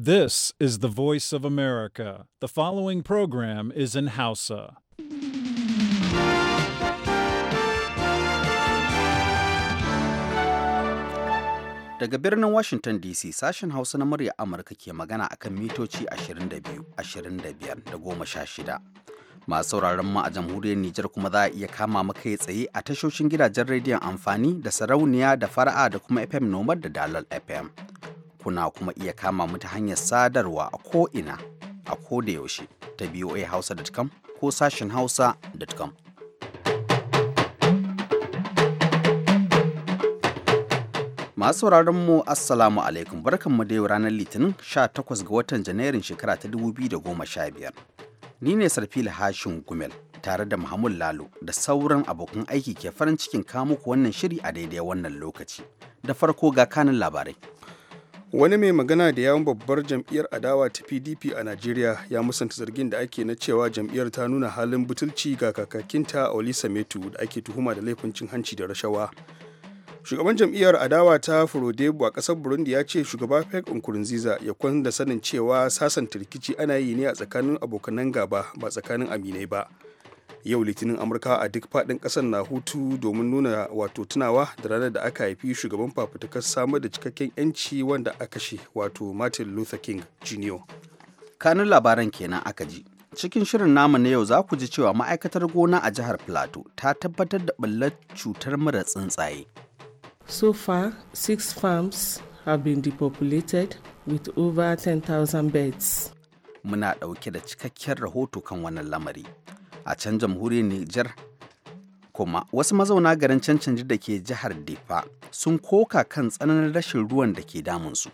This is the voice of America. The following program is in Hausa. Daga birnin Washington DC sashen Hausa na murya Amurka ke magana akan mitoci 22, 25 da 16. Masu sauraron mu a jamhuriyar Nijar kuma za a iya kama makai tsaye a tashoshin gidajen rediyon amfani da sarauniya da fara'a da kuma FM Nomad da Dalal FM. kuna kuma iya kama mu ta hanyar sadarwa a ko'ina a ko da yaushe ta voahausa.com ko sashen hausa.com. Masu sauraron mu Assalamu alaikum barkanmu da yau ranar Litinin 18 ga watan Janairun shekara ta 2015. Ni ne Sarfila Hashin Gumel tare da Muhammad Lalo da sauran abokan aiki ke farin cikin kamuku wannan shiri a daidai wannan lokaci. Da farko ga kanin labarai. wani mai magana da yawon babbar jam'iyyar adawa ta pdp a najeriya ya musanta zargin da ake na cewa jam'iyyar ta nuna halin butulci ga kakakinta olisa metu da ake tuhuma da laifin cin hanci da rashawa shugaban jam'iyyar adawa ta furodebu a ƙasar burundi ya ce shugaba fek nkurunziza ya kwanda sanin cewa sasanta rikici ana yi ne a tsakanin abokanan gaba ba tsakanin aminai ba yau litinin amurka a duk fadin ƙasar na hutu domin nuna wato tunawa da ranar da aka haifi shugaban fafutukar samar da cikakken 'yanci wanda aka shi wato martin luther king jr kanun labaran kenan aka ji cikin shirin namu na yau za ku ji cewa ma'aikatar gona a jihar plateau ta tabbatar da ɓullar cutar mara tsuntsaye so far six farms have been depopulated with over 10,000 beds muna ɗauke da cikakken rahoto kan wannan lamari a can jamhuriyar Nijar kuma wasu mazauna garin cancanji da ke jihar difa sun koka kan tsananin rashin ruwan da ke damunsu.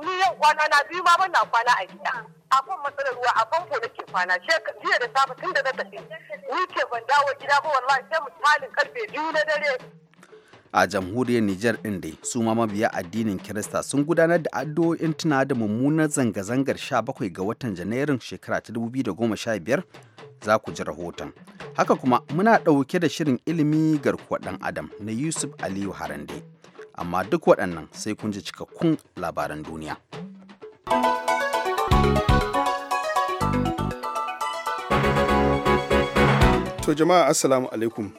Ni yau kwana na biyu ma ban na kwana a gida. kan matsalar ruwa a famfo da ke kwana. Jiya da safe tun da na tafi. Ni ke ban dawo gida ba wallahi sai misalin karfe biyu na dare. a jamhuriyar Nijar ɗin dai su ma mabiya addinin Kirista sun gudanar da addu'o'in tuna da mummunar zanga-zangar 17 ga watan Janairun shekara ta 2015 za ku ji rahoton. Haka kuma muna ɗauke da shirin ilimi garkuwa ɗan Adam na Yusuf Aliyu Harande. Amma duk waɗannan sai kun ji cikakkun labaran duniya. To jama'a Assalamu alaikum.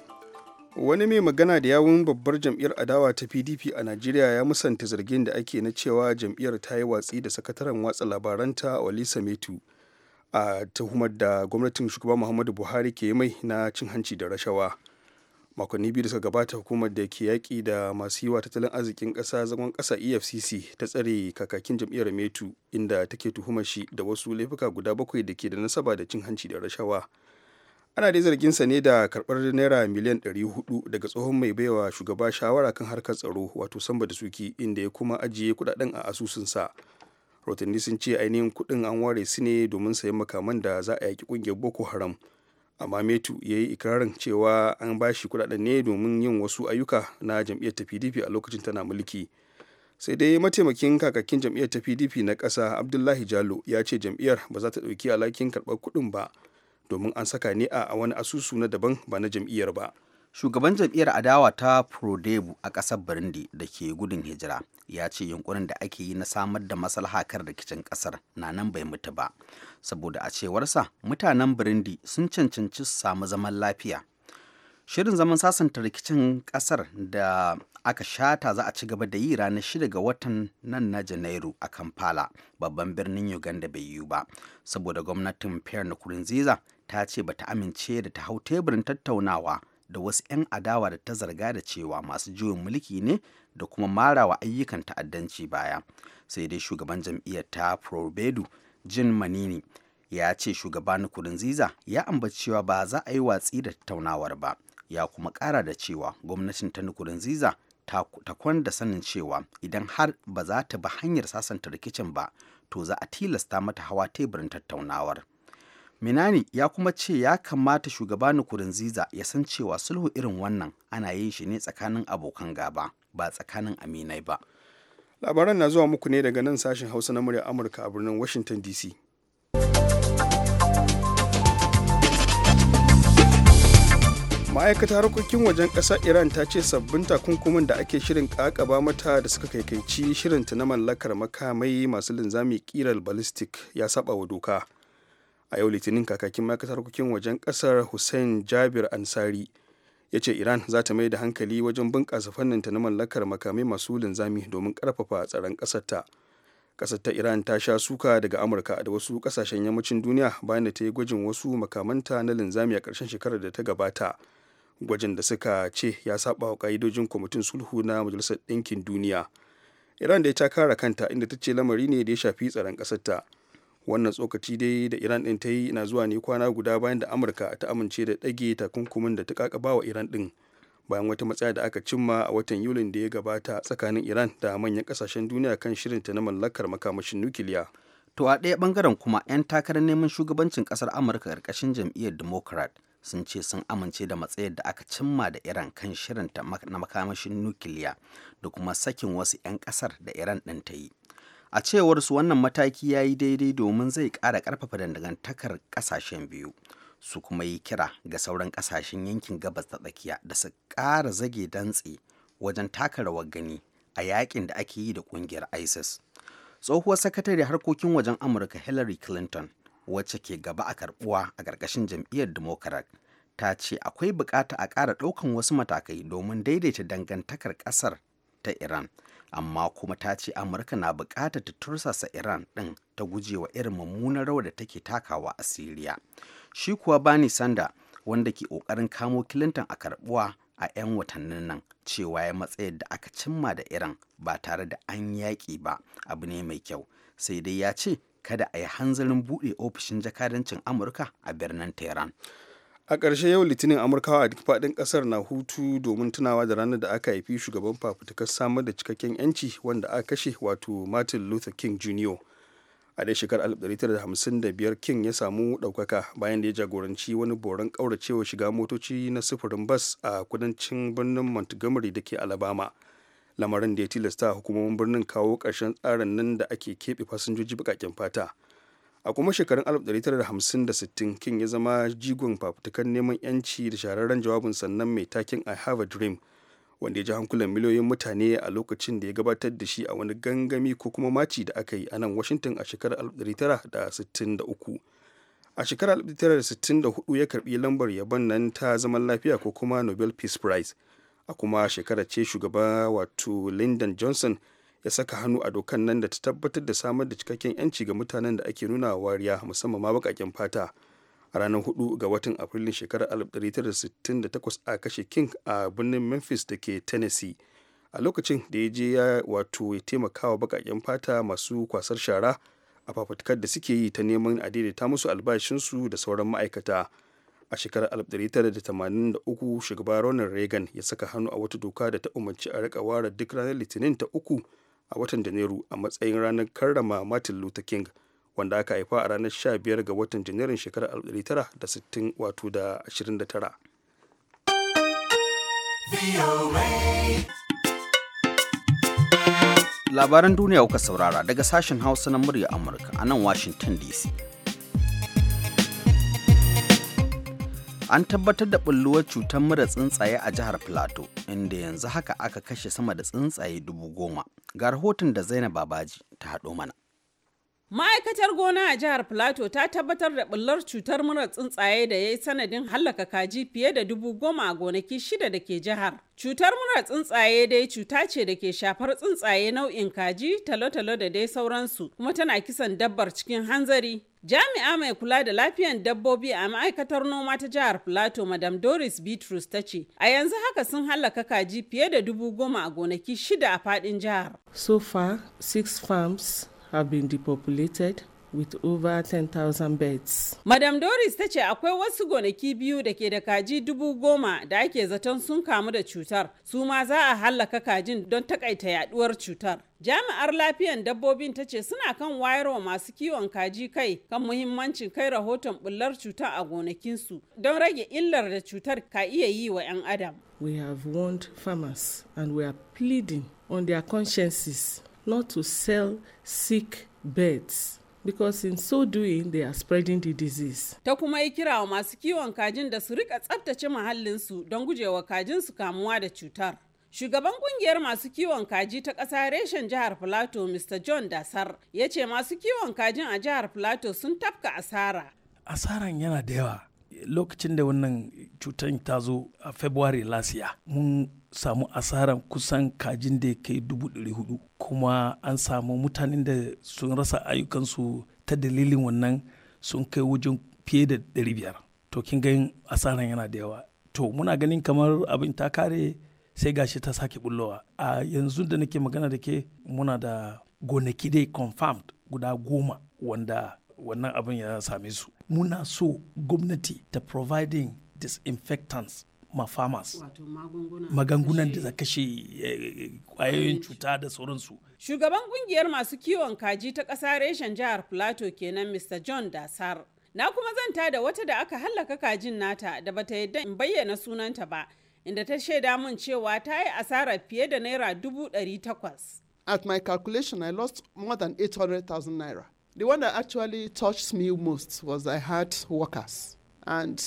Wani mai magana da yawun babbar jam'iyyar adawa ta PDP a Najeriya ya musanta zargin da ake na cewa jam'iyyar ta yi watsi da sakataren watsa labaranta Walisa Metu. a tuhumar da gwamnatin shugaba muhammadu buhari ke mai na cin hanci da rashawa makonni biyu da suka gabata hukumar da ke yaƙi da masu yiwa tattalin arzikin ƙasa zagon ƙasa efcc ta tsare kakakin jam'iyyar metu inda take tuhumar shi da wasu laifuka guda bakwai da ke da nasaba da cin hanci da rashawa ana dai zarginsa ne da karɓar naira miliyan 400 daga tsohon mai baiwa shugaba shawara kan harkar tsaro wato samba da suki inda ya kuma ajiye kudaden a asusunsa rahotanni sun ce ainihin kuɗin an ware su ne domin sayan makaman da za a yaki ƙungiyar boko haram amma metu ya yi ikirarin cewa an ba shi kuɗaɗen ne domin yin wasu ayyuka na jam'iyyar ta pdp a lokacin tana mulki sai dai mataimakin kakakin jam'iyyar ta pdp na ƙasa abdullahi jalo ya ce jam'iyyar ba za ta ɗauki alhakin karɓar kuɗin ba domin an saka ne a wani asusu na daban ba na jam'iyyar ba shugaban jam'iyyar adawa ta prodebu a ƙasar burundi da ke gudun hijira ya ce yunkurin da ake yi na samar da maslaha kan rikicin ƙasar na nan bai mutu ba saboda a cewarsa mutanen burundi sun cancanci su samu zaman lafiya shirin zaman sasanta rikicin ƙasar da aka shata za a ci gaba da yi ranar shida ga watan nan na janairu a kampala babban birnin uganda bai yiwu ba saboda gwamnatin pierre nkurunziza ta ce bata amince da ta hau teburin tattaunawa da wasu 'yan adawa da ta zarga da cewa masu juyin mulki ne da kuma marawa ayyukan ta'addanci baya sai dai shugaban jam'iyyar ta probedu jin manini ya ce shugaba Nkurunziza ya ambaci cewa ba za a yi watsi da tattaunawar ba ya kuma kara da cewa gwamnatin ta Nkurunziza ta kwanda sanin cewa idan har ba za ta ba hanyar sasanta rikicin ba to za a tilasta mata hawa teburin tattaunawar. Minani ya kuma ce ya kamata shugaba Nkurunziza ya san cewa sulhu irin wannan ana yin shi ne tsakanin abokan gaba ba tsakanin aminai ba. Labaran na zuwa muku ne daga nan sashen Hausa na murya Amurka a birnin Washington DC. ma'aikata harkokin wajen ƙasar iran ta ce sabbin takunkumin da ake shirin ƙaƙaba mata da suka kaikaici shirinta na mallakar makamai masu linzami kiral ballistic ya saba wa doka a yau litinin kakakin ma'aikatar harkokin wajen kasar hussein jabir ansari ya ce iran za ta mai da hankali wajen bunƙasa ta na mallakar makamai masu linzami domin ƙarfafa tsaron ƙasarta ƙasar ta iran ta sha suka daga amurka da wasu kasashen yammacin duniya bayan da ta yi gwajin wasu makamanta na linzami a ƙarshen shekarar da ta gabata gwajin da suka ce ya saba wa ƙa'idojin kwamitin sulhu na majalisar ɗinkin duniya iran da ta kara kanta inda ta ce lamari ne da ya shafi tsaron ƙasarta wannan tsokaci dai da iran din ta yi na zuwa ne kwana guda bayan da amurka ta amince da ɗage takunkumin da ta kakaba wa iran din bayan wata matsaya da aka cimma a watan yulin da ya gabata tsakanin iran da manyan kasashen duniya kan shirinta na mallakar makamashin nukiliya to a ɗaya ɓangaren kuma 'yan takarar neman shugabancin ƙasar amurka ƙarƙashin jam'iyyar democrat sun ce sun amince da matsayar da aka cimma da iran kan shirin ta na makamashin nukiliya da kuma sakin wasu 'yan ƙasar da iran din ta yi a cewar su wannan mataki ya yi daidai domin zai ƙara ƙarfafa dangantakar ƙasashen biyu su kuma yi kira ga sauran ƙasashen yankin gabas ta tsakiya da su ƙara zage dantse wajen taka rawar gani a yakin da ake yi da ƙungiyar isis tsohuwar sakatare harkokin wajen amurka hillary clinton wacce ke gaba a karbuwa a ƙarƙashin jam'iyyar democrat ta ce akwai bukata a ƙara ɗaukan wasu matakai domin daidaita dangantakar ƙasar ta iran amma kuma ta ce amurka na bukatar ta tursasa iran ɗin ta gujewa irin mummunar rawar da take takawa a siriya shi kuwa bani sanda wanda ke ƙoƙarin kamo clinton a karbuwa a 'yan watannin nan cewa ya matsayar da aka cimma da iran ba tare da an yaƙi ba abu ne mai kyau sai dai ya ce kada a yi hanzarin buɗe ofishin jakadancin amurka a birnin tehran a ƙarshe yau litinin amurkawa a duk faɗin ƙasar na hutu domin tunawa da ranar da aka haifi shugaban fafutukar samar da cikakken yanci wanda aka kashe wato martin luther king jr a dai shekarar 1955 king ya samu ɗaukaka bayan da ya jagoranci wani boron ƙauracewa shiga motoci na sufurin bas a kudancin birnin montgomery da ke alabama lamarin da ya tilasta hukumomin birnin kawo ƙarshen tsarin nan da ake keɓe fasinjoji baƙaƙen fata a kuma shekarun 1950 kin ya zama jigon fafutukan neman yanci da shahararren jawabin sannan mai takin i have a dream wanda ya ji hankulan miliyoyin mutane a lokacin da ya gabatar da shi a wani gangami ko kuma maci da aka yi a nan washington a shekarar 1963 a shekarar 1964 ya karbi lambar yabon nan ta zaman lafiya ko kuma nobel peace prize a kuma shekarar ce shugaba wato lyndon johnson ya saka hannu a dokan nan da ta tabbatar da samar da cikakken yanci ga mutanen da ake nuna wariya musamman ma baƙaƙen fata a ranar 4 ga watan afrilun shekarar 1968 a kashe king a birnin memphis da ke tennessee a lokacin da ya je ya wato ya taimaka wa baƙaƙen fata masu kwasar shara a fafutukar da suke yi ta neman a daidaita musu albashinsu da sauran ma'aikata a shekarar 1983 shugaba ronald reagan ya saka hannu a wata doka da ta umarci a rika ware duk ranar litinin ta uku a watan janairu a matsayin ranar karrama martin luther king wanda aka haifa a ranar 15 ga watan janairun shekarar 1960 wato da 29 labaran duniya kuka saurara daga sashen hausa na murya amurka a nan washington dc an tabbatar da bulluwar cutar mura tsuntsaye a jihar plateau inda yanzu haka aka kashe sama da tsuntsaye dubu goma ga rahoton da zainab babaji ta haɗo mana ma'aikatar gona a jihar plateau ta tabbatar da bullar cutar mura tsuntsaye da ya yi sanadin hallaka kaji fiye da dubu goma a gonaki shida da ke jihar cutar mura tsuntsaye dai cuta ce da ke shafar tsuntsaye nau'in kaji talo-talo da dai sauransu kuma tana kisan dabbar cikin hanzari Jami'a mai kula da lafiyan dabbobi a ma'aikatar noma ta jihar plato Madam Doris Bitrus ta ce, a yanzu haka sun halaka kaji fiye da dubu goma a gonaki shida a fadin jihar. So far, six farms have been depopulated with over 10,000 beds. Madam Doris ta ce akwai wasu gonaki biyu da ke da kaji dubu goma da ake zaton sun kamu da cutar, su ma za a hallaka kajin don takaita yaduwar cutar. Jami'ar lafiyan dabbobin ta ce suna kan wayar wa masu kiwon kaji kai kan muhimmancin kai rahoton bullar cutar a gonakinsu don rage illar da cutar ka iya yi wa 'yan adam. We have warned farmers and we are pleading on their consciences not to sell sick birds because in so doing they are spreading the disease. Ta kuma yi kira wa masu kiwon kajin da su rika tsabtace muhallinsu don gujewa kajin su kamuwa da cutar. Shugaban kungiyar masu kiwon kaji ta ƙasa reshen jihar Filato Mr. John Dasar ya ce masu kiwon kajin a jihar Filato sun tafka asara. Asaran yana da yawa. Lokacin da wannan cutar ta zo a February last year, mun samu asaran kusan kajin da kai dubu ɗari hudu kuma an samu mutanen da sun rasa ayyukansu ta dalilin wannan sun kai wajen fiye da ɗari biyar to kin gan asaran yana da yawa to muna ganin kamar abin ta kare sai gashi ta sake bullowa a yanzu da nake magana da ke muna da gonaki dai confirmed guda goma wanda wannan abin ya same su muna so gwamnati ta providing disinfectants ma farmers magungunan da kashe eh, kwayoyin cuta da sauransu. Shugaban kungiyar masu kiwon kaji ta ƙasa reshen jihar Plateau kenan Mr. John Dasar. Na kuma zanta da wata da aka hallaka kajin nata da bata yadda in bayyana sunanta ba, inda ta shaida mun cewa ta yi asarar fiye da naira dubu ɗari takwas. At my calculation, I lost more than 800,000 naira. The one that actually touched me most was I had workers and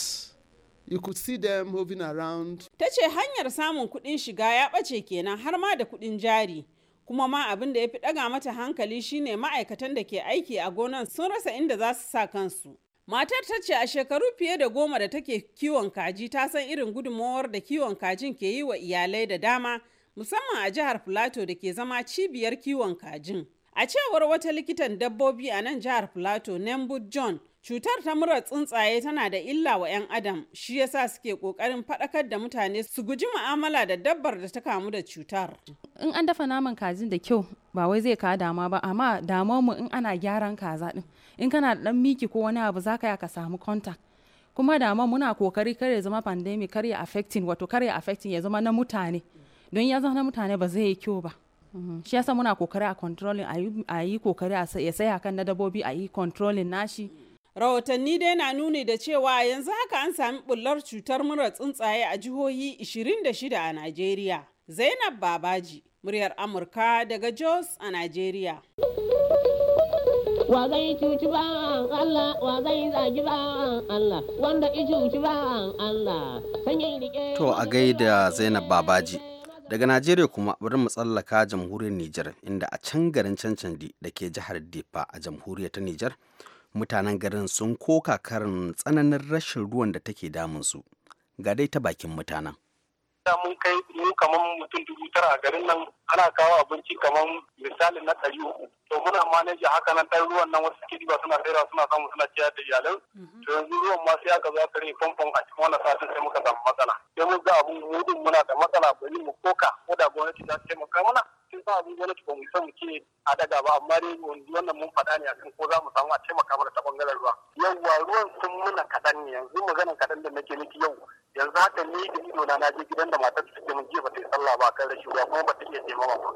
you could see them moving around. Ta ce hanyar samun kuɗin shiga ya ɓace kenan har ma da kuɗin jari. Kuma ma abin da ya fi ɗaga mata hankali shine ma'aikatan da ke aiki a gonan sun rasa inda za su sa kansu. Matar ta ce a shekaru fiye da goma da take kiwon kaji ta san irin gudunmawar da kiwon kajin ke yi wa iyalai da dama musamman a jihar Filato da ke zama cibiyar kiwon kajin. A cewar wata likitan dabbobi a nan jihar Filato, Nembu John, Cutar ta mura tsuntsaye tana da illa wa 'yan adam shi yasa suke kokarin faɗakar da mutane su guji mu'amala da dabbar da ta kamu da cutar. In an dafa naman kazin da kyau ba wai zai ka dama ba amma damuwar mu in ana gyaran kaza din in kana da dan miki ko wani abu zaka ya ka samu contact kuma dama muna kokari kar ya zama pandemic kar ya affecting wato kar ya affecting ya zama na mutane don ya zama na mutane ba zai yi kyau ba. Mhm. shi yasa muna kokari a controlling a kokari a ya saya kan na dabobi a yi controlling nashi. rahotanni dai na nuni da cewa yanzu haka an sami bullar cutar mura tsuntsaye a jihohi 26 a najeriya zainab babaji muryar amurka daga jos a najeriya wa zai cuci ba Allah wa zai zagi ba Allah wanda i cuci ba Allah to a gaida zainab babaji daga najeriya kuma bari mu tsallaka jamhuriyar nijar inda a can garin cancandi da ke jihar difa a jamhuriyar ta nijar mutanen garin sun koka karin tsananin rashin ruwan da take damunsu ga dai ta bakin mutanen mun kai mu kamar mutum dubu tara a garin nan ana kawo abinci kamar misalin na ɗari uku to muna manage haka nan dan ruwan nan wasu kidi ba suna tsira suna samu suna ciyar da iyalan mhm. to yanzu ruwan ma sai aka zo aka famfon a cikin wannan satin sai muka samu matsala sai mun ga abun mudun muna da matsala bari mu koka ko da gwamnati za ta taimaka mana sun sa abin gwamnati ba mu san mu ce a daga ba amma dai wannan mun faɗa ne a akan ko za mu samu a taimaka mana ta bangaren ruwa yawwa ruwan sun muna kaɗan ne yanzu maganan kaɗan da nake miki yau yanzu haka ni da ido na naje gidan da matar take mun je ba ta yi sallah ba kan rashin ruwa kuma ba ta iya taimaka ba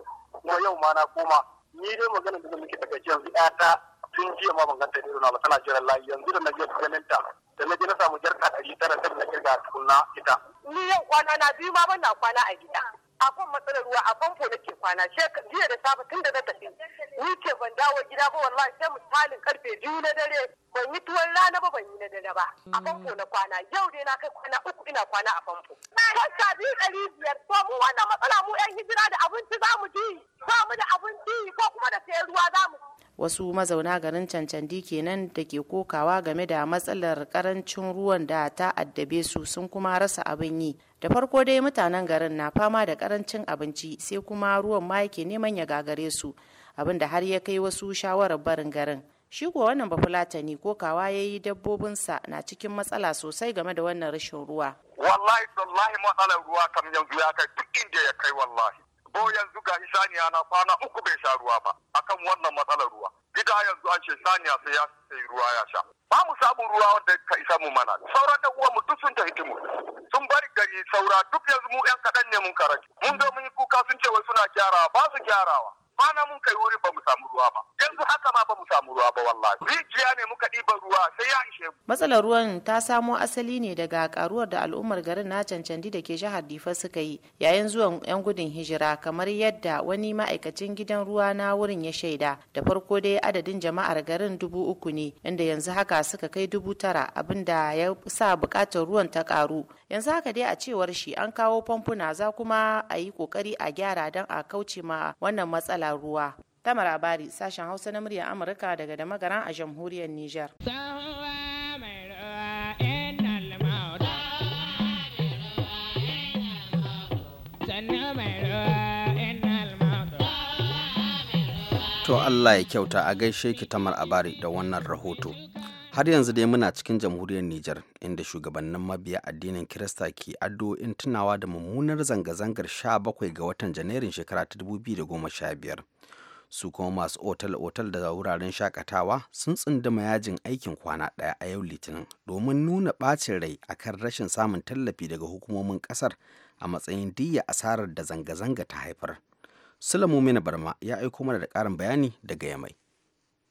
kuma yau ma na koma ni dai magana da muke takaice yanzu ta tun jiya ma banganta da na ba tana jiran layi yanzu da na je ganin ta da na je na samu jarka ɗari tara sai na kirga tukunna ita. ni yau kwana na biyu ma ban na kwana a gida. akwai matsalar ruwa a famfo ke kwana jiya da safe tun da na tafi ni ke ban dawo gida ba wallahi sai misalin karfe biyu na dare ban yi tuwon rana ba ban yi na dare ba a hmm. famfo na kwana yau dai na kai kwana uku ina kwana a famfo. Kwanta biyu ɗari biyar to mu wannan matsala mu 'yan hijira da abinci za mu ji ba mu da abinci ko kuma da sayan ruwa za mu wasu mazauna garin cancandi kenan da ke kokawa game da matsalar karancin ruwan da ta addabe su sun kuma rasa abin yi da farko dai mutanen garin na fama da karancin abinci sai kuma ruwan ma yake neman ya gagare su abin da har ya kai wasu shawarar barin garin shi kuwa wannan bafulatani ko kawa ya yi dabbobinsa na cikin matsala sosai game da wannan rashin ruwa wallahi wallahi matsalar ruwa kam yanzu ya kai duk inda ya kai wallahi ko yanzu ga saniya na kwana uku bai sha ruwa ba akan wannan matsalar ruwa gida yanzu an ce saniya sai ya sai ruwa ya sha ba mu samu ruwa wanda ka isa mu mana sauran da uwa mu duk sun tafi timu sun bari gari saura duk yanzu mu yan kaɗan ne mun karanci mun zo mun yi kuka sun ce wai suna gyarawa ba su gyarawa kwana mun kai wuri ba mu samu ruwa ba yanzu haka ma ba mu samu ruwa ba wallahi rijiya ne muka ɗiba ruwa sai ya ishe mu matsalar ruwan ta samo asali ne daga karuwar da al'ummar garin na cancandi da ke jihar difa suka yi yayin zuwan yan gudun hijira kamar yadda wani ma'aikacin gidan ruwa na wurin ya shaida da farko dai adadin jama'ar garin dubu uku ne inda yanzu haka suka kai dubu tara abinda ya sa bukatar ruwan ta karu yanzu haka dai a cewar shi an kawo famfuna za kuma a yi kokari a gyara don a kauce ma wannan matsala ruwa. Tamar Abari, sashen Hausa na muryar Amurka daga da magaran a jamhuriyar Nijar. To Allah ya kyauta a gaishe ki Tamar Abari da wannan rahoto. har yanzu dai muna cikin jamhuriyar Nijar inda shugabannin mabiya addinin Kirista ke addu'o'in tunawa da mummunar zanga-zangar 17 ga watan Janairun shekara ta 2015. Su kuma masu otal-otal da wuraren shakatawa sun tsunduma yajin aikin kwana ɗaya a yau Litinin domin nuna ɓacin rai akan rashin samun tallafi daga hukumomin ƙasar a matsayin diyya asarar da zanga-zanga ta haifar. Sulamu Mina Barma ya aiko mana da ƙarin bayani daga Yamai.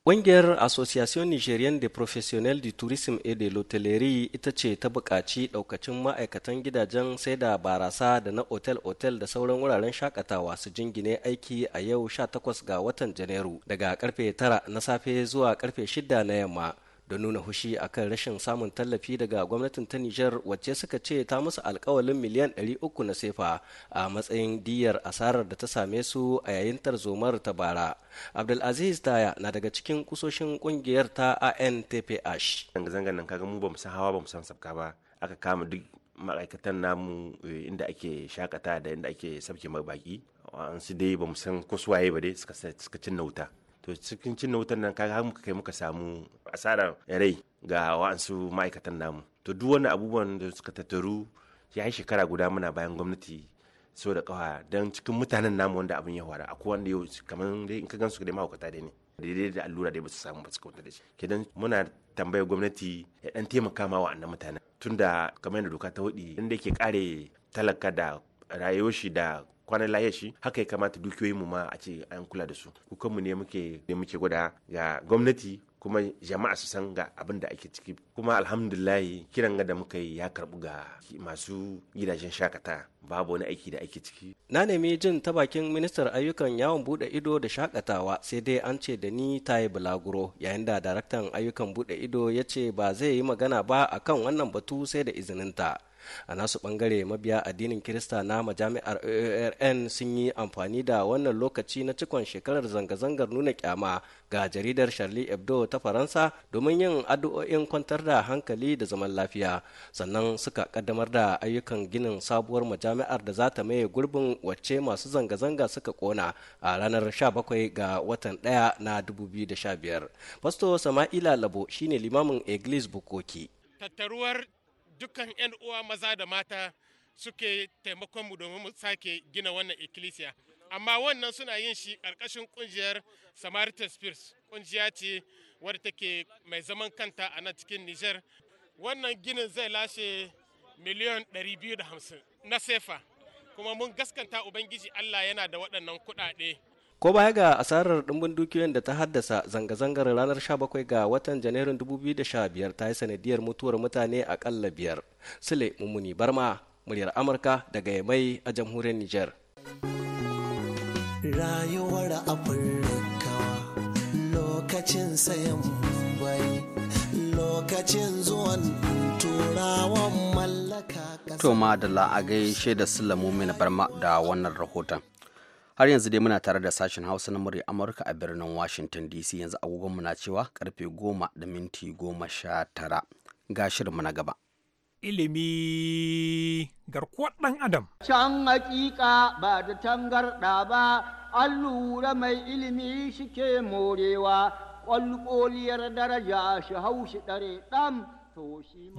Ƙungiyar Association Nigerian de Professionnel du Tourisme et de l'Hôtellerie ita ce ta buƙaci ɗaukacin ma'aikatan gidajen sai da barasa da na otel-otel da sauran wuraren shakatawa su jingine aiki a yau 18 ga watan Janairu daga karfe 9 na safe zuwa karfe 6 na yamma don nuna hushi a kan rashin samun tallafi daga gwamnatin ta Nijar wacce suka ce ta musu alkawalin miliyan 300 na sefa a matsayin diyar asarar da ta same su a yayin tarzomar ta bara. Abdulaziz Taya na daga cikin kusoshin kungiyar ta ANTPH. Zanga-zangan nan kaga mu ba san hawa mu san sabka ba aka kama duk ma'aikatan namu eh, inda ake shakata da inda ake sabke baki an su dai bamu san kusuwaye ba dai suka na wuta. to cikin cin wutan nan kaga har muka kai muka samu asara rai ga wa'ansu ma'aikatan namu to duk wani abubuwan da suka tattaru ya yi shekara guda muna bayan gwamnati so da kawa don cikin mutanen namu wanda abin ya wara akwai wanda yau kamar dai in ka gansu dai mahaukata dai ne daidai da allura dai ba su samu ba su kauta da shi kedan muna tambayar gwamnati ya dan taimaka ma wa'annan mutanen tunda kamar yadda doka ta hudi inda yake kare talaka da rayuwar shi da kwanan laya shi haka ya kamata dukiyoyin mu ma a ce an kula da su kukanmu ne muke ne muke gwada ga gwamnati kuma jama'a su san ga abin da ake ciki kuma alhamdulillah kiran ga da muka yi ya karbu ga masu gidajen shakata babu wani aiki da ake ciki na nemi jin ta bakin ministar ayyukan yawon bude ido da shakatawa sai dai an ce da ni ta yi bulaguro yayin da daraktan ayyukan bude ido ya ce ba zai yi magana ba akan wannan batu sai da izininta a nasu bangare mabiya addinin kirista na majami'ar aarn sun yi amfani da wannan lokaci na cikon shekarar zanga-zangar nuna kyama ga jaridar charlie hebdo ta faransa domin yin addu'o'in kwantar da hankali da zaman lafiya sannan suka kaddamar da ayyukan ginin sabuwar majami'ar da za ta maye gurbin wacce masu zanga-zanga suka kona a ranar 17 ga watan 1 na 2015 pasto sama'ila labo shine limamin eglis bukoki tattaruwar dukkan 'yan uwa maza da mata suke taimakonmu domin mu sake gina wannan ikkilisiya amma wannan suna yin shi ƙarƙashin ƙungiyar samaritan spirits ƙungiya ce wadda take mai zaman kanta a nan cikin niger wannan ginin zai lashe miliyan 250 na sefa kuma mun gaskanta ubangiji allah yana da waɗannan kuɗaɗe ko baya ga asarar dimbin dukiyoyin da ta haddasa zanga-zangar ranar 17 ga watan janairun 2015 ta yi sanadiyar mutuwar mutane akalla biyar sule mummuni barma muryar amurka daga yamai a jamhuriyar niger rayuwar afirka lokacin sayan bai lokacin zuwan turawan mallaka to ma a gaishe da sulamu mina barma da wannan rahoton har yanzu dai muna tare da sashen hausa na murya amurka a birnin washington dc yanzu agogonmu na cewa karfe goma da minti goma sha tara ga shirinmu na gaba ilimi garkuwar ɗan adam can hakika ba da tangarɗa ba an lura mai ilimi shike morewa ƙwalƙoliyar daraja shi haushi ɗare ɗam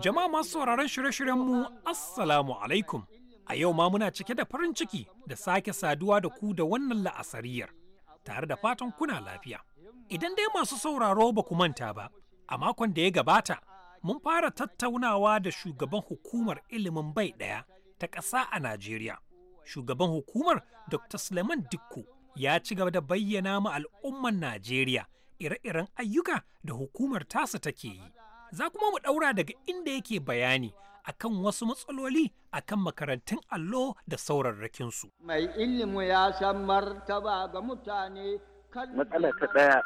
jama'a masu sauraron shirye-shiryenmu assalamu alaikum A yau ma muna cike da farin ciki da sake saduwa da ku da wannan la'asariyar, tare da fatan kuna lafiya. Idan dai masu sauraro ba ku manta ba, a makon da ya gabata, mun fara tattaunawa da shugaban hukumar ilimin bai ɗaya ta ƙasa a Najeriya. Shugaban hukumar Dr. Suleiman Dikko ya ci gaba da bayyana ma al'umman Najeriya ire-iren ayyuka da hukumar tasa take yi. Za kuma mu ɗaura daga inda yake bayani akan wasu matsaloli a kan makarantun allo da saurarrakinsu. Mai ilimi ya san martaba ga mutane. Matsala ta ɗaya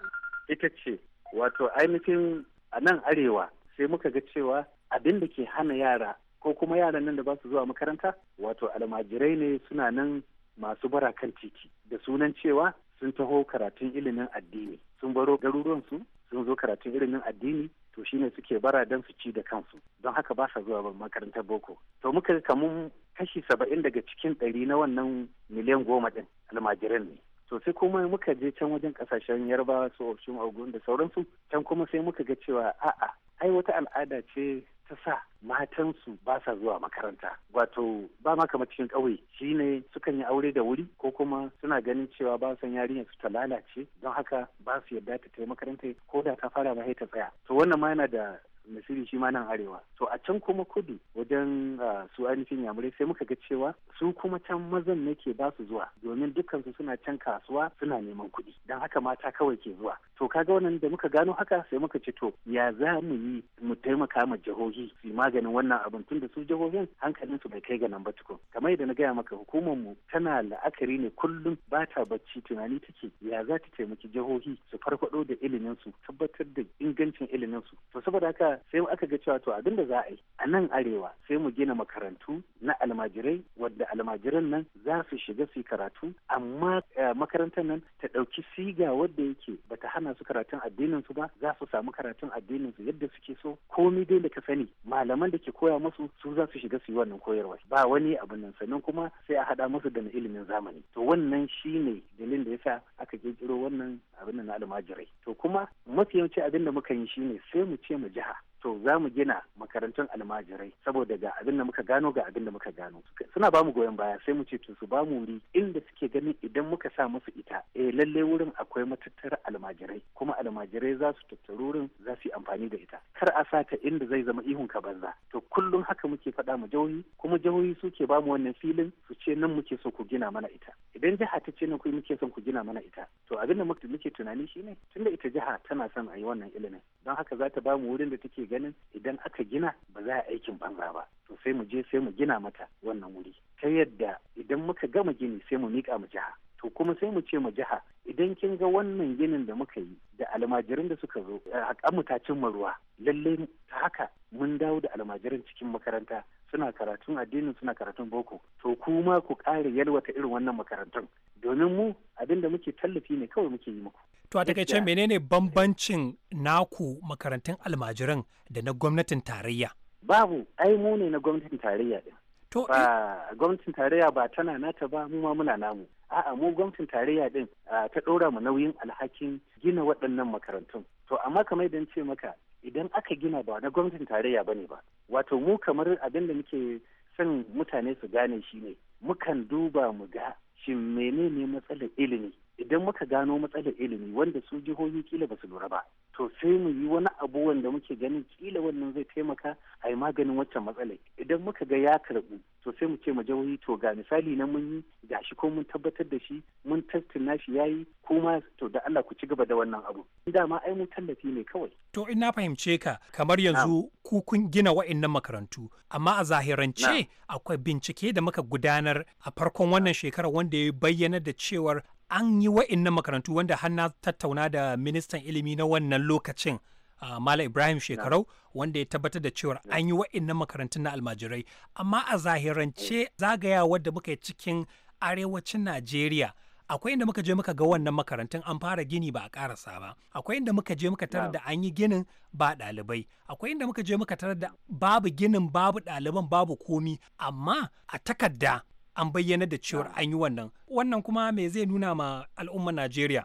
ita ce wato ainihin a nan arewa sai muka ga cewa abin da ke hana yara ko kuma yaran nan da ba su zuwa makaranta wato almajirai ne suna nan masu bara kan titi da sunan cewa sun taho karatun ilimin addini sun baro garuruwansu sun zo karatun ilimin addini to shine suke bara don su ci da kansu don haka ba sa zuwa makarantar boko to muka kamun kashi saba'in daga cikin ɗari na wannan miliyan goma ɗin almajiran ne to sai kuma muka je can wajen ƙasashen yarbawa su ofishin ogun da sauransu can kuma sai muka ga cewa a'a ai wata al'ada ce ta sa matansu ba sa zuwa makaranta wato ba ma kamar cikin ƙauye shine sukan yi aure da wuri ko kuma suna ganin cewa ba san yarinyar su ta lalace don haka ba su yarda ta tafi makaranta ko da ta fara ma tsaya to wannan ma yana da misiri shi ma nan arewa to a can kuma kudu wajen ah, su ainihin yamurai sai muka ga cewa su kuma can mazan ne ke ba su zuwa domin dukkansu suna can kasuwa suna neman kuɗi don haka mata kawai ke zuwa to kaga wannan da muka gano haka sai muka ce to ya za mu yi mu taimaka ma jihohi su maganin wannan abin tun da su jihohin hankalin su bai kai ga nan ba tukun kamar yadda na gaya maka hukumar mu tana la'akari ne kullum ba ta bacci tunani take ya za ta taimaki jihohi su farfado da ilimin su tabbatar da ingancin ilimin su to saboda haka sai sai aka ga cewa to abin da za a yi a nan arewa sai mu gina makarantu na almajirai wadda almajiran nan za su shiga su karatu amma eh, makarantar nan ta ɗauki siga wadda yake ta hana su karatun addinin su ba za su samu karatun addinin su yadda suke so komai dai da ka sani malaman da ke koya musu su za su shiga su yi wannan koyarwa ba wani abin nan sannan kuma sai a haɗa musu da ilimin zamani to wannan shine dalilin da yasa aka kirkiro wannan abin na almajirai to kuma mafi yawanci abin da muka yi shine sai mu ce mu jiha to za mu gina makarantun almajirai saboda ga abin da muka gano ga abin da muka gano suna bamu goyon baya sai mu ce to su bamu wuri inda suke ganin idan muka sa musu ita eh lalle wurin akwai matattara almajirai kuma almajirai za su tattaru wurin za su yi amfani da ita kar a sa inda zai zama ihun ka banza to kullum haka muke faɗa mu jihohi kuma jihohi suke bamu wannan filin su ce nan muke so ku gina mana ita idan jiha ta ce nan ku muke son ku gina mana ita to abin da muke tunani shine tunda ita jiha tana son a yi wannan ilimin don haka za ta bamu wurin da take ganin idan aka gina ba za a aikin banza ba to sai mu je sai mu gina mata wannan wuri ta yadda idan muka gama gini sai mu miƙa mu jiha to kuma sai mu ce mu jiha idan kin ga wannan ginin da muka yi da almajirin da suka zo eh, a ta cimma ruwa lalle ta haka mun dawo da almajirin cikin makaranta suna karatun addinin suna karatun boko to kuma ku ƙara yalwata irin wannan makarantun domin mu abin da muke tallafi ne kawai muke yi muku To a takaice menene bambancin naku makarantun almajiran da na gwamnatin tarayya? Babu, ai mu ne na gwamnatin tarayya din. To ba gwamnatin tarayya ba tana nata ba mu ma muna namu. A'a mu gwamnatin tarayya din ta ɗora mu nauyin alhakin gina waɗannan makarantun. To amma kamar idan ce maka idan aka gina ba na gwamnatin tarayya bane ba. Wato mu kamar abin da muke son mutane su gane shi ne. Mukan duba mu ga shin menene matsalar ilimi idan muka gano matsalar ilimi wanda su jihohi kila basu lura ba to sai mu yi wani abu wanda muke ganin kila wannan zai taimaka a yi maganin waccan matsalar idan muka ga ya karɓu to sai mu ce ma jihohi to ga misali na mun yi ga shi ko mun tabbatar da shi mun tattauna shi yayi kuma to da Allah ku ci gaba da wannan abu dama ai mu tallafi ne kawai to in na fahimce ka kamar yanzu ku kun gina wa'annan makarantu amma a zahirance akwai bincike da muka gudanar a farkon wannan shekarar wanda ya bayyana da cewar an yi wa'innan makarantu wanda hanna tattauna da ministan ilimi na wannan lokacin Uh, ah, Mala Ibrahim Shekarau wanda ya tabbatar da cewar an yi wa'innan makarantun na almajirai amma a zahirance eh. zagaya da muka yi cikin arewacin Najeriya akwai inda muka je muka ga wannan makarantun an fara gini ba a karasa ba akwai inda muka je muka tarar da an yi ginin ba ɗalibai akwai inda muka je muka tarar da babu ginin babu ɗaliban babu komi amma a takarda an bayyana da cewar an yi wannan wannan kuma me zai nuna ma al'ummar najeriya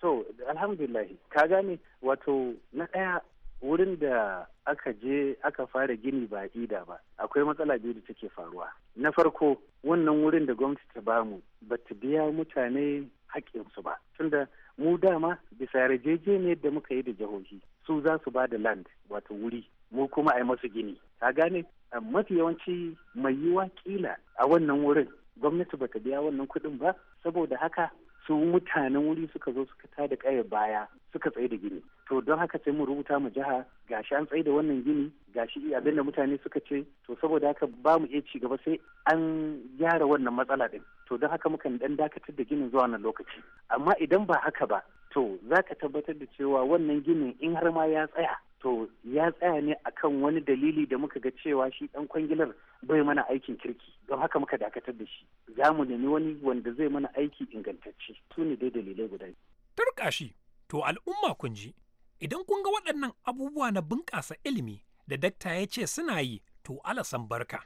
to alhamdulillah ka gane wato na ɗaya wurin da aka je aka fara gini ba ida ba akwai matsala biyu da take faruwa na farko wannan wurin da gwamnati ta bamu ba ta biya mutane haƙƙinsu ba tunda mu dama bisa yarjejeniyar da muka yi da jihohi su za su ba da land wato wuri mu kuma a yi masu gini ka gane mafi yawanci mai yiwa kila a wannan wurin gwamnati ba ta biya wannan kuɗin ba saboda haka su mutanen wuri suka zo suka ta da ƙaya baya suka tsaye da gini to don haka sai mu rubuta mu jiha gashi an tsaye da wannan gini gashi abinda mutane suka ce to saboda haka ba mu iya ci gaba sai an gyara wannan matsala din to don haka mukan dan dakatar da ginin zuwa wannan lokaci amma idan ba haka ba to za ka tabbatar da cewa wannan ginin in har ma ya tsaya to ya tsaya ne akan wani dalili da muka ga cewa shi dan kwangilar bai mana aikin kirki don haka muka dakatar da shi za mu nemi wani wanda zai mana aiki ingantacce su ne dai dalilai guda Tarƙashi, to al'umma kun ji idan kun ga waɗannan abubuwa na bunƙasa ilimi da dakta ya ce suna yi to alasan barka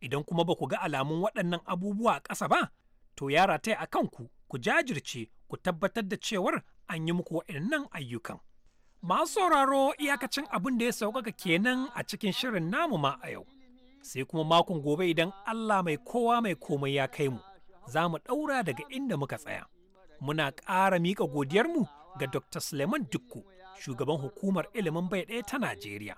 idan kuma ba ku ga alamun waɗannan abubuwa a ƙasa ba to ya rataya a kanku ku jajirce ku tabbatar da cewar an yi muku waɗannan ayyukan. Masu sauraro iyakacin abin da ya sauƙaƙa kenan a cikin shirin namu ma a yau. Sai kuma makon gobe idan Allah mai kowa mai komai ya kai mu, za mu ɗaura daga inda muka tsaya. Muna ƙara miƙa godiyarmu ga Dr. Suleiman Dukku, shugaban hukumar ilimin bai ɗaya ta Najeriya.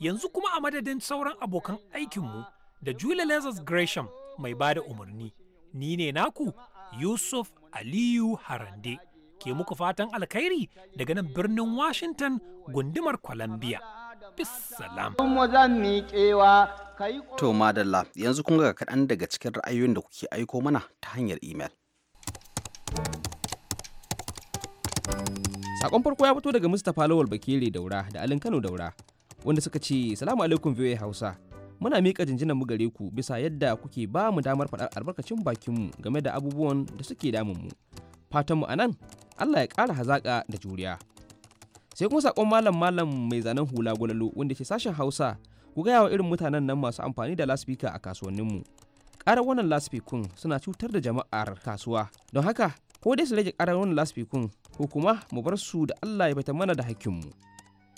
Yanzu kuma a madadin sauran abokan aikinmu da Julia Lazarus Gresham mai ba da umarni. Ni ne naku Yusuf Aliyu Harande. ke muku fatan alkhairi daga nan birnin Washington gundumar Columbia. To madalla yanzu kun ga kaɗan daga cikin ra'ayoyin da kuke aiko mana ta hanyar imel. Sakon farko ya fito daga Mustapha Lawal Bakere Daura da Alin Kano Daura wanda suka ce salamu alaikum VOA Hausa muna miƙa jinjinan mu gare ku bisa yadda kuke ba mu damar faɗar albarkacin bakinmu game da abubuwan da suke damun mu. Fatanmu a nan Allah ya ƙara hazaƙa da juriya sai kuma saƙon malam malam mai zanen hula gwalalo wanda ke sashen hausa ku gaya wa irin mutanen nan masu amfani da laspika a kasuwanninmu ƙarar wannan laspikun suna cutar da jama'ar kasuwa don haka ko dai su rage ƙarar wannan laspikun ko kuma mu bar su da allah ya fita mana da hakkinmu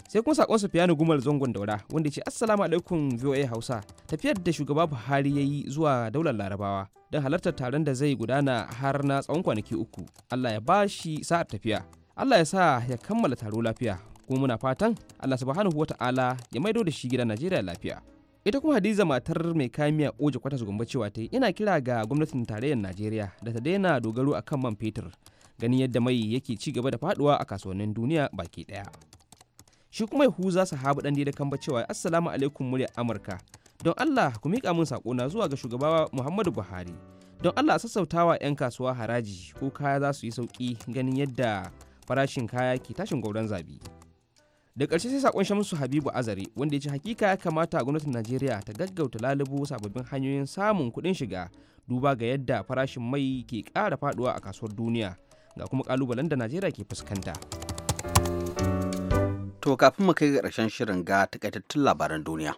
sai kuma sakon Sufiyanu Gumal Zangon Daura wanda ce Assalamu alaikum VOA Hausa tafiyar da shugaba Buhari ya yi zuwa daular Larabawa don halartar taron da zai gudana har na tsawon kwanaki uku Allah ya bashi sa'ar tafiya Allah ya sa ya kammala taro lafiya kuma muna fatan Allah subhanahu wata'ala ya maido da shi gidan Najeriya lafiya ita kuma hadiza matar mai kamiya oje kwata gombe cewa ta ina kira ga gwamnatin tarayyar najeriya da ta daina dogaro akan man fetur ganin yadda mai yake ci gaba da faduwa a kasuwannin duniya baki daya shi kuma yahuza sahabu dan da kan cewa assalamu alaikum murya amurka don allah ku miƙa min na zuwa ga shugaba muhammadu buhari don allah a sassautawa 'yan kasuwa haraji ko kaya za su yi sauki ganin yadda farashin kaya ke tashin gwauron zabi da ƙarshe sai sakon shamsu habibu azare wanda ya ce hakika ya kamata gwamnatin najeriya ta gaggauta lalubo sababbin hanyoyin samun kuɗin shiga duba ga yadda farashin mai ke ƙara faɗuwa a kasuwar duniya ga kuma ƙalubalen da najeriya ke fuskanta. To kafin mu kai ga ƙarshen shirin ga takaitattun labaran duniya.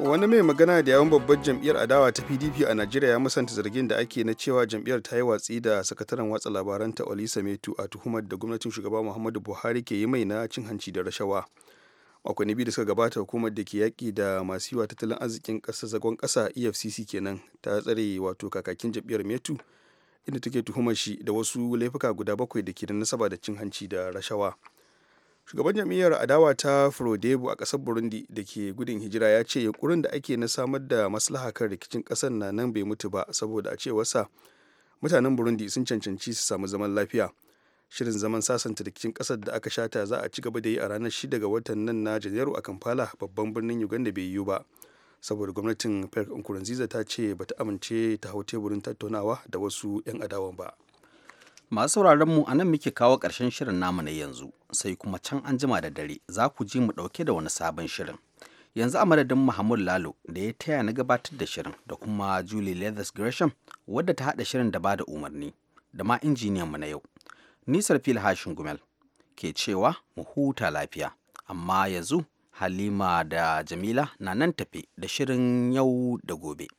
Wani mai magana da yawan babbar jam'iyyar adawa ta PDP a Najeriya ya musanta zargin da ake na cewa jam'iyyar ta yi watsi da sakataren watsa labaran ta Olisa Metu a tuhumar da gwamnatin shugaba Muhammadu Buhari ke yi mai na cin hanci da rashawa. makonni biyu da suka gabata hukumar da ke yaƙi da masu yiwa tattalin arzikin ƙasa zagon ƙasa efcc kenan ta tsare wato kakakin jam'iyyar metu inda take tuhumar shi da wasu laifuka guda bakwai da ke da nasaba da cin hanci da rashawa shugaban jam'iyyar adawa ta frodebu a ƙasar burundi da ke gudun hijira ya ce yunkurin da ake na samar da maslaha kan rikicin ƙasar na nan bai mutu ba saboda a cewarsa mutanen burundi sun cancanci su samu zaman lafiya shirin zaman sasanta rikicin ƙasar da aka shata za a ci gaba da yi a ranar 6 ga watan nan na janairu a kampala babban birnin uganda bai yiwu ba saboda gwamnatin pierre nkurunziza ta ce bata amince ta hau teburin tattaunawa da wasu 'yan adawan ba masu sauraron mu anan muke kawo ƙarshen shirin namu na yanzu sai kuma can an jima da dare za ku ji mu ɗauke da wani sabon shirin yanzu a madadin Muhammad Lalo da ya taya na gabatar da shirin da kuma Julie Leathers Gresham wadda ta haɗa shirin da bada umarni da ma injiniyan mu na yau. Nisar fil hashin gumel ke cewa mu huta lafiya amma yanzu Halima da Jamila na nan tafe da shirin yau da gobe.